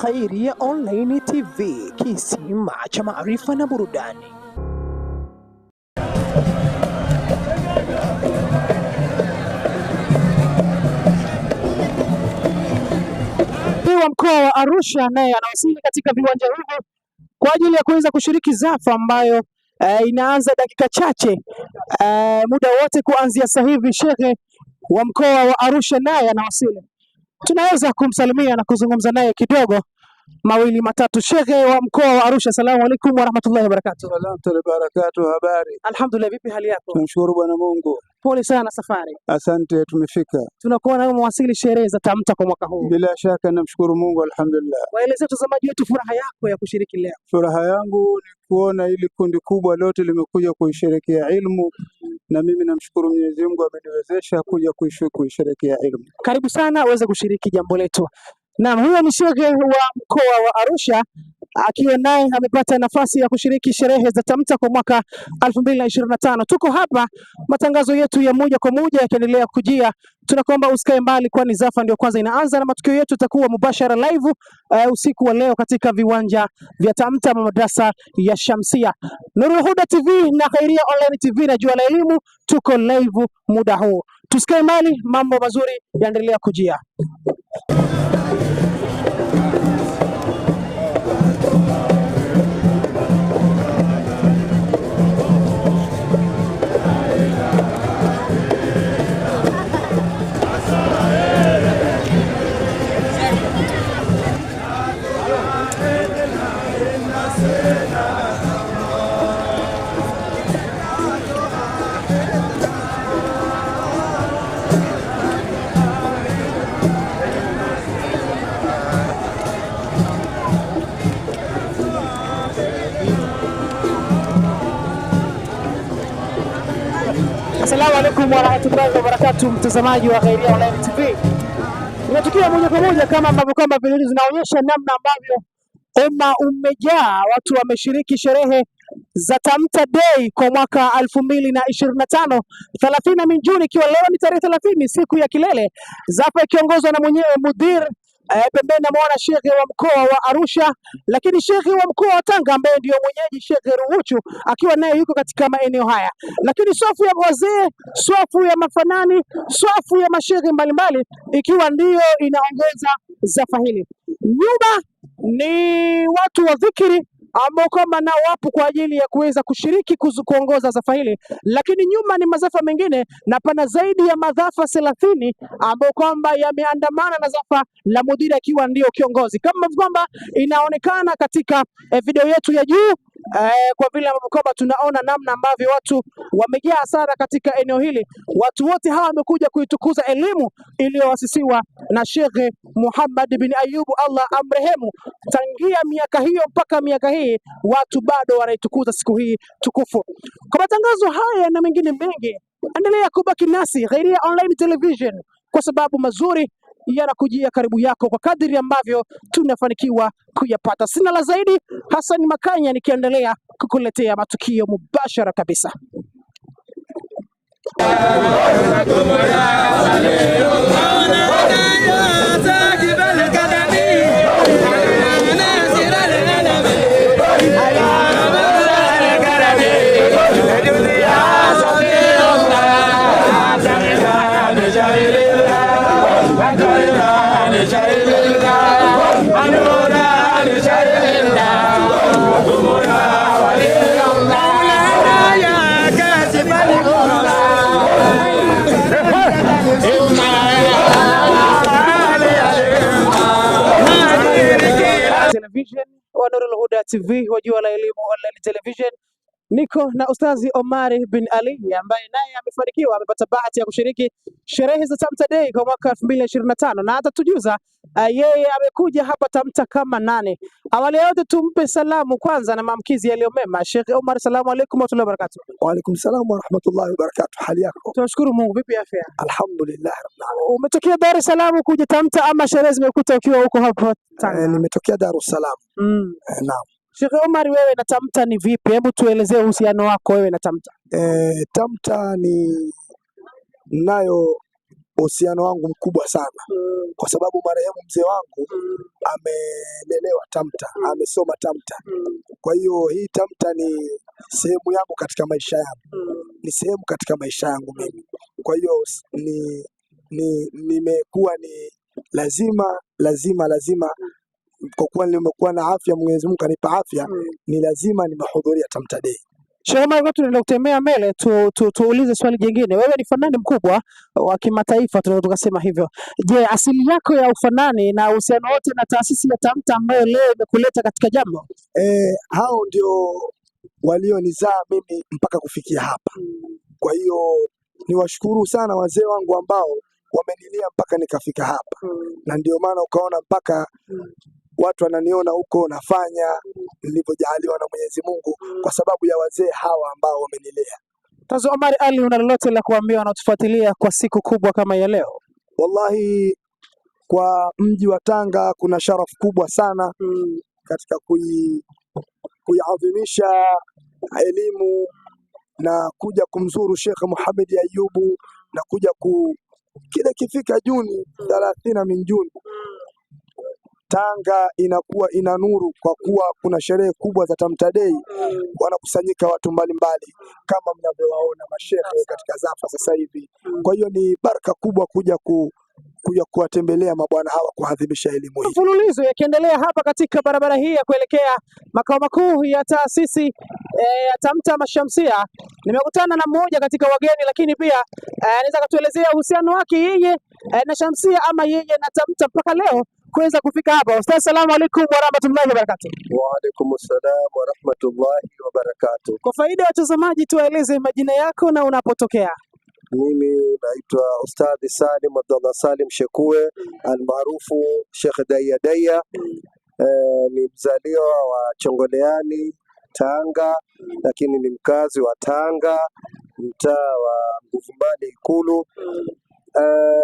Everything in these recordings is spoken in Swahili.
Khairia Online TV, kisima cha maarifa na burudani. Wa mkoa wa Arusha naye anawasili katika viwanja hivi kwa ajili ya kuweza kushiriki zafa ambayo eh, inaanza dakika chache eh, muda wote kuanzia sasa hivi wa mkoa wa Arusha naye anawasili. Tunaweza kumsalimia na kuzungumza naye kidogo mawili matatu. Shekhe wa mkoa wa Arusha, asalamu alaykum wa rahmatullahi wa barakatuh. Wa wa barakatuh. Habari? Alhamdulillah, vipi hali yako? Tumshukuru Bwana Mungu. Pole sana safari. Asante, tumefika. Tunakuona umewasili sherehe za Tamta kwa mwaka huu. Bila shaka namshukuru Mungu, alhamdulillah. Waelezee watazamaji wetu furaha yako ya kushiriki leo. Furaha yangu ni kuona ili kundi kubwa lote limekuja kuisherekea ilmu na mimi namshukuru Mwenyezi Mungu ameniwezesha kuja kuisherekea elimu. Karibu sana uweze kushiriki jambo letu. Naam, huyo ni shekhe wa mkoa wa Arusha akiwa naye amepata nafasi ya kushiriki sherehe za Tamta kwa mwaka 2025. Tuko hapa matangazo yetu ya moja kwa moja yakiendelea kujia, tunakuomba usikae mbali, kwani Zafa ndio kwanza inaanza na matukio yetu yatakuwa mubashara live uh, usiku wa leo katika viwanja vya Tamta madrasa ya Shamsia. Nuru Huda TV na Khairia Online TV na Jua la Elimu tuko live muda huu, tusikae mbali, mambo mazuri yaendelea kujia. asalamu alaikum warahmatullahi barakatuh, mtazamaji wa Khairia Online TV. Tunatukia moja kwa moja kama ambavyo kwamba video zinaonyesha namna ambavyo umma umejaa, watu wameshiriki sherehe za Tamta Day kwa mwaka elfu mbili na ishirini na tano Juni, ikiwa leo ni tarehe thelathini, siku ya kilele zapo, ikiongozwa na mwenyewe mudhir Eh, pembeni namwona shekhe wa mkoa wa Arusha, lakini shekhe wa mkoa wa Tanga ambaye ndio mwenyeji shekhe Ruhuchu akiwa naye yuko katika maeneo haya, lakini swafu ya wazee, swafu ya mafanani, swafu ya mashekhe mbalimbali ikiwa ndiyo inaongeza zafa hili. Nyuma ni watu wa dhikiri ambao kwamba nao wapo kwa ajili ya kuweza kushiriki kuongoza zafa hili, lakini nyuma ni mazafa mengine na pana zaidi ya madhafa thelathini ambao kwamba yameandamana na zafa la mudira akiwa ndio kiongozi, kama kwamba inaonekana katika eh, video yetu ya juu eh, kwa vile kwamba tunaona namna ambavyo watu wamejaa sana katika eneo hili. Watu wote hawa wamekuja kuitukuza elimu iliyoasisiwa na Sheikh Muhammad bin Ayubu, Allah amrehemu. Tangia miaka hiyo mpaka miaka hii watu bado wanaitukuza siku hii tukufu. Kwa matangazo haya na mengine mengi, endelea kubaki nasi Khairia Online Television kwa sababu mazuri yanakujia karibu yako kwa kadiri ambavyo tunafanikiwa kuyapata. Sina la zaidi, Hassan Makanya nikiendelea kukuletea matukio mubashara kabisa. television, Honorable Huda TV, wajua la elimu online television Niko na Ustazi Omari bin Ali ambaye naye amefanikiwa, amepata bahati ya kushiriki sherehe za Tamta Day kwa mwaka 2025 na atatujuza uh, yeye amekuja hapa Tamta kama nane. Awali yote tumpe salamu kwanza na maamkizi yaliyo mema. Sheikh Omar, salamu alaykum wa rahmatullahi wa barakatuh. Wa alaykum salaam wa rahmatullahi wa barakatuh. Hali yako? Tunashukuru Mungu, vipi afya? Alhamdulillah rabbil alamin. Umetokea Dar es Salaam kuja Tamta ama sherehe zimekuta ukiwa huko hapo Tanga? E, nimetokea Dar es Salaam. Mm. E, naam. Sheikh Omar, wewe na Tamta ni vipi? Hebu tuelezee uhusiano wako wewe na Tamta. E, Tamta ni nayo uhusiano wangu mkubwa sana mm. kwa sababu marehemu mzee wangu mm. amelelewa Tamta mm. amesoma Tamta mm. kwa hiyo hii Tamta ni sehemu yangu katika maisha yangu mm. ni sehemu katika maisha yangu mimi, kwa hiyo ni nimekuwa ni, ni lazima lazima lazima mm kwa kuwa nimekuwa na afya, Mwenyezi Mungu kanipa afya mm. ni lazima nimehudhuria Tamta Day. Sheikh Omar, tunaenda kutembea mbele tu, tu, tuulize swali jingine. Wewe ni fanani mkubwa wa kimataifa, tunaweza tukasema hivyo. Je, asili yako ya ufanani na uhusiano wote na taasisi ya Tamta ambayo leo imekuleta katika jambo? Eh, hao ndio walionizaa mimi mpaka kufikia hapa. Mm. Kwa hiyo niwashukuru sana wazee wangu ambao wamenilia mpaka nikafika hapa, mm. na ndio maana ukaona mpaka mm watu wananiona huko nafanya nilivyojaliwa na Mwenyezi Mungu kwa sababu ya wazee hawa ambao wamenilea. Tazo Omar Ali, una lolote la kuambia wanaotufuatilia kwa siku kubwa kama ya leo? Wallahi, kwa mji wa Tanga kuna sharafu kubwa sana mm, katika kui kuiadhimisha elimu na kuja kumzuru Sheikh Muhammad Ayubu na kuja ku kile kifika Juni thalathina min Juni Tanga inakuwa ina nuru kwa kuwa kuna sherehe kubwa za Tamta Day, mm. wanakusanyika watu mbalimbali kama mnavyowaona mashehe katika Zafa sasa hivi. Kwa hiyo ni baraka kubwa kuja ku kuja kuwatembelea mabwana hawa kuadhimisha elimu hii. Mfululizo yakiendelea hapa katika barabara hii ya kuelekea makao makuu ya taasisi eh, ya Tamta Mashamsia. Nimekutana na mmoja katika wageni, lakini pia anaweza eh, e, akatuelezea uhusiano wake yeye e, na Shamsia ama yeye na Tamta mpaka leo kuweza kufika hapa. Ustaz, salamu alaikum warahmatullahi wabarakatuh. Waalaikum salam warahmatullahi wabarakatuh. Kwa faida ya watazamaji, tuwaeleze majina yako na unapotokea. Mimi naitwa Ustadhi Salim Abdallah Salim Shekue almaarufu Shekh Daya Daya. Eh, ni mzaliwa wa Chongoleani Tanga, lakini ni mkazi wa Tanga mtaa wa Mguvumani Ikulu. Eh,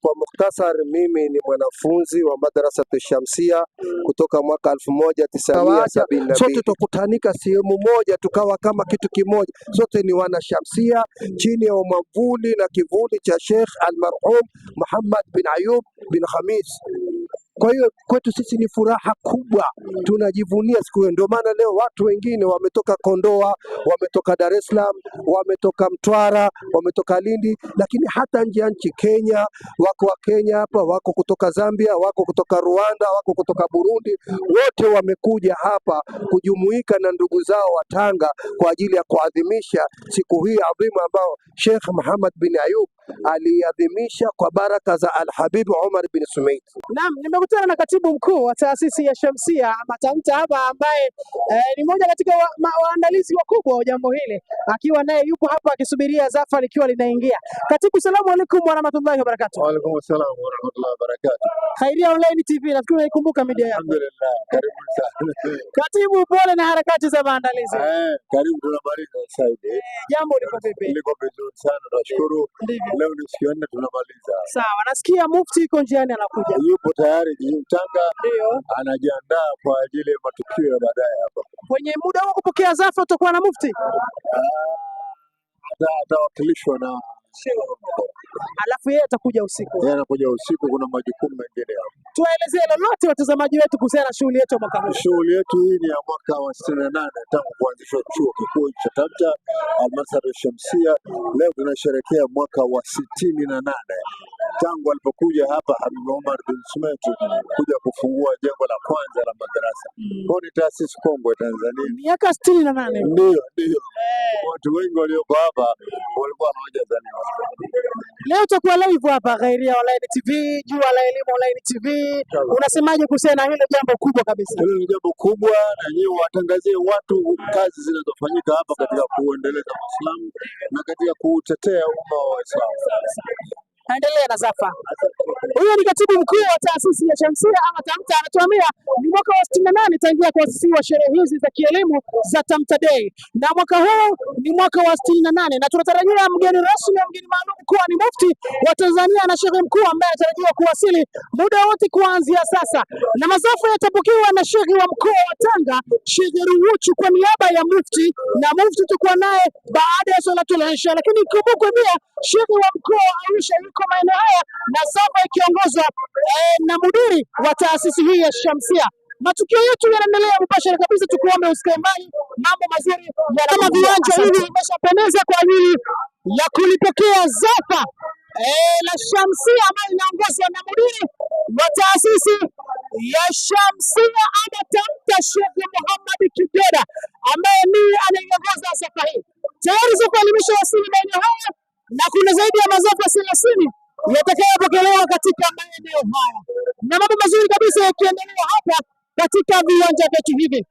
kwa muktasar, mimi ni mwanafunzi wa madrasa Tushamsia kutoka mwaka elfu moja tisamia sabini na sote tukutanika sehemu moja tukawa kama kitu kimoja, sote ni wana Shamsia chini ya umavuli na kivuli cha Sheikh almarhum Muhammad bin Ayub bin Khamis kwa hiyo kwetu sisi ni furaha kubwa, tunajivunia siku hiyo. Ndio maana leo watu wengine wametoka Kondoa, wametoka Dar es Salaam, wametoka Mtwara, wametoka Lindi, lakini hata nje ya nchi, Kenya wako wa Kenya hapa, wako kutoka Zambia, wako kutoka Rwanda, wako kutoka Burundi, wote wamekuja hapa kujumuika na ndugu zao wa Tanga kwa ajili ya kuadhimisha siku hii adhimu ambayo Sheikh Muhammad bin Ayub aliadhimisha kwa baraka za Alhabib Umar bin Sumait. Naam, nimekutana na katibu mkuu wa taasisi ya Shamsia Matamta hapa ambaye eh, ni mmoja katika wa, ma, waandalizi wakubwa wa jambo hili, akiwa naye yupo hapa akisubiria zafa likiwa linaingia. Katibu, salamu alaykum wa rahmatullahi wa barakatuh. Wa alaykum salaam wa rahmatullahi wa barakatuh. Khairia Online TV, nafikiri unaikumbuka media yako. Alhamdulillah, karibu sana. Katibu, pole na harakati za maandalizi. Eh, karibu tunabariki zaidi. Eh, jambo liko vipi? Liko vizuri sana, nashukuru. Ndivyo leo ni siku ya nne tunamaliza. Sawa, nasikia mufti iko njiani anakuja. Yupo tayari jijini Tanga. Ndio. Anajiandaa kwa ajili ya matukio ya baadaye hapa. Kwenye muda wa kupokea zafa utakuwa na mufti? Ah, atawakilishwa na alafu yeye atakuja usiku, yeye anakuja usiku, kuna majukumu mengine hapo. Tuwaelezee lolote watazamaji wetu kuhusiana na shughuli yetu ya mwaka huu. Shughuli yetu hii ni ya mwaka wa sitini na nane tangu kuanzishwa chuo kikuu cha Tabata Almasar Shamsia. Leo tunasherehekea mwaka wa sitini na nane tangu alipokuja hapa Habib Omar bin Sumetu kuja kufungua jengo la kwanza la madarasa. Kwao mm. ni taasisi kongwe Tanzania, miaka sitini na nane. Ndio, ndio watu wengi walioko hapa walikuwa hawajazaliwa. Leo tutakuwa live hapa Khairia Online TV, Jua la Elimu Online TV. Unasemaje kuhusiana na hilo jambo kubwa kabisa? Hilo ni jambo kubwa, na nyewe watangazie watu kazi zinazofanyika hapa katika kuendeleza Uislamu na katika kuutetea umma wa Uislamu. Endelea na Zafa. Huyo ni katibu mkuu wa taasisi ya Shamsia ama Tamta, anatuambia ni mwaka wa sitini na nane tangia kuasisiwa sherehe hizi za kielimu za Tamta Day, na mwaka huu ni mwaka wa sitini na nane na tunatarajia mgeni rasmi au mgeni maalum kuwa ni mufti wa Tanzania na shehe mkuu ambaye anatarajiwa kuwasili muda wote kuanzia sasa, na mazafu yatapokewa na shehe wa mkoa wa Tanga, Shehe Ruwuchu kwa niaba ya mufti, na mufti tutakuwa naye baada ya swalatul Isha. Lakini kumbukwe pia shehe wa mkoa wa Arusha yuko maeneo haya na safa akiongozwa eh, na mudiri wa taasisi hii ya Shamsia. Matukio yetu yanaendelea mubashara kabisa, tukuombe usikae mbali, mambo mazuri kama viwanja hivi imeshapendeza kwa ajili ya kulipokea ZAFA eh, la Shamsia ambayo inaongozwa na mudiri wa taasisi ya Shamsia ama tamta Sheikh Muhammad Kidera ambaye ndiye anaiongoza ZAFA hii. Tayari za kuelimisha wasili maeneo haya na kuna zaidi ya mazafa thelathini yatakayopokelewa katika maeneo haya na mambo mazuri kabisa yakiendelea hapa katika viwanja vyetu hivi.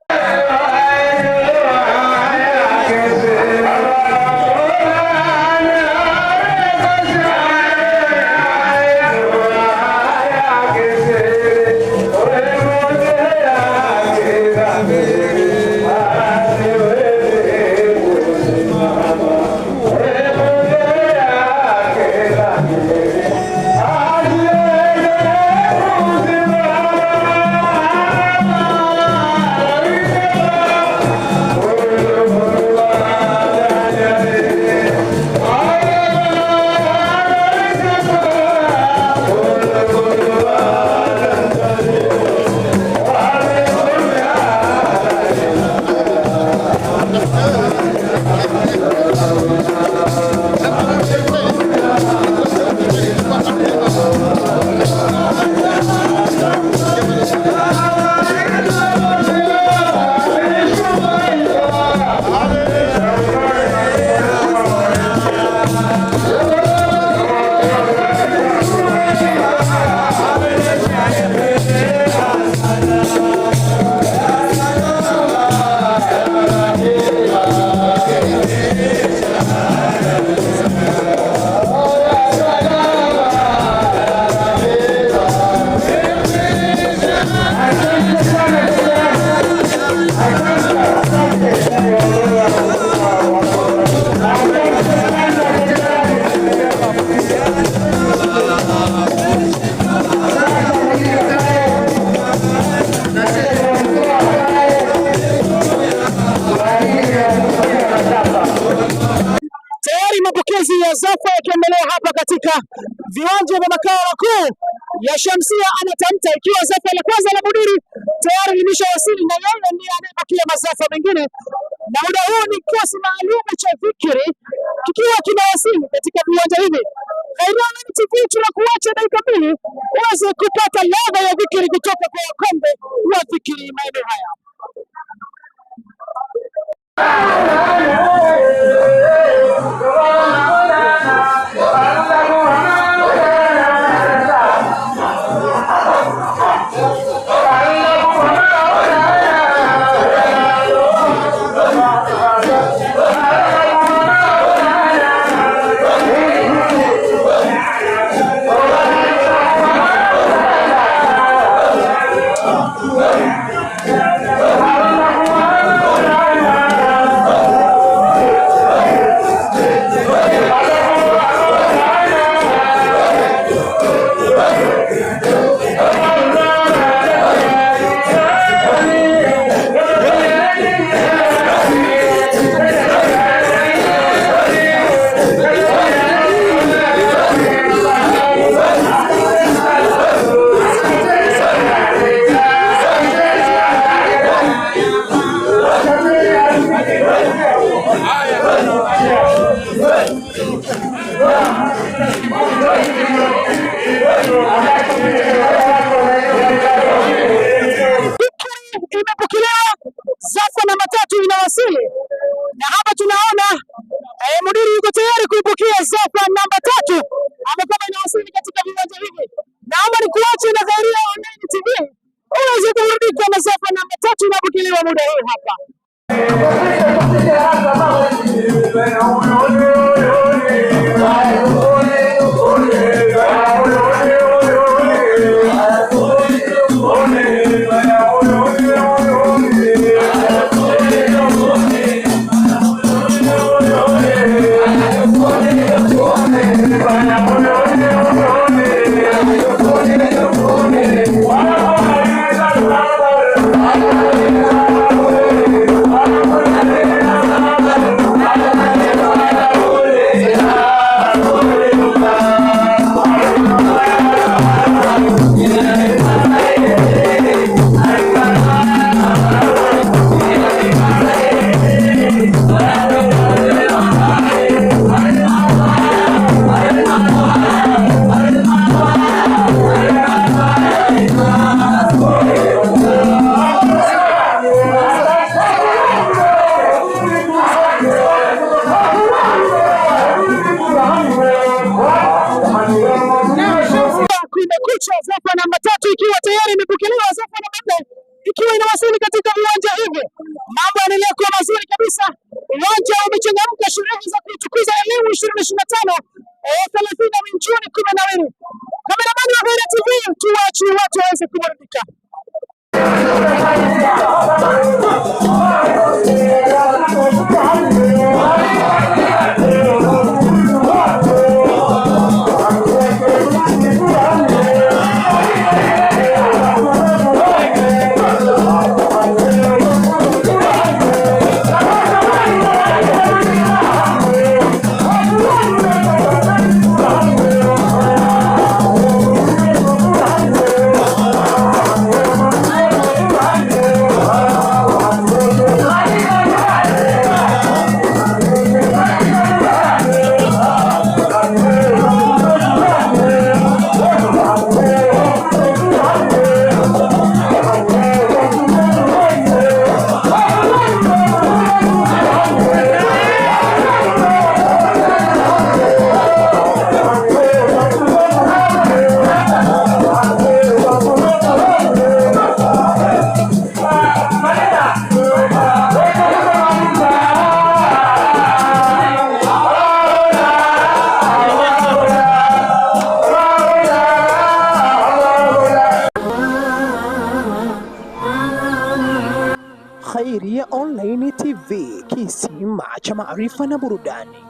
Zakwe akiendelea hapa katika viwanja vya makao makuu ya Shamsia anatamta ikiwa zafa la kwanza la Budiri tayari wasili na yeye ndiye anayepakia mazafa mengine, na muda huu ni kikosi maalum cha Vikiri kikiwa kinawasili katika viwanja hivi. Khairani TV tunakuacha dakika mbili uweze kupata ladha ya Vikiri kutoka kwa wakombe wa Vikiri maeneo haya. know you're katika viwanja hivi, mambo yanaendelea kuwa mazuri kabisa. Uwanja umechangamka, sherehe za kuitukuza elimu ishirini na ishirini na tano eh, thelathini Juni kumi na mbili. Kameramani wa Vira TV, tuwache watu waweze kuburudika. taarifa na burudani.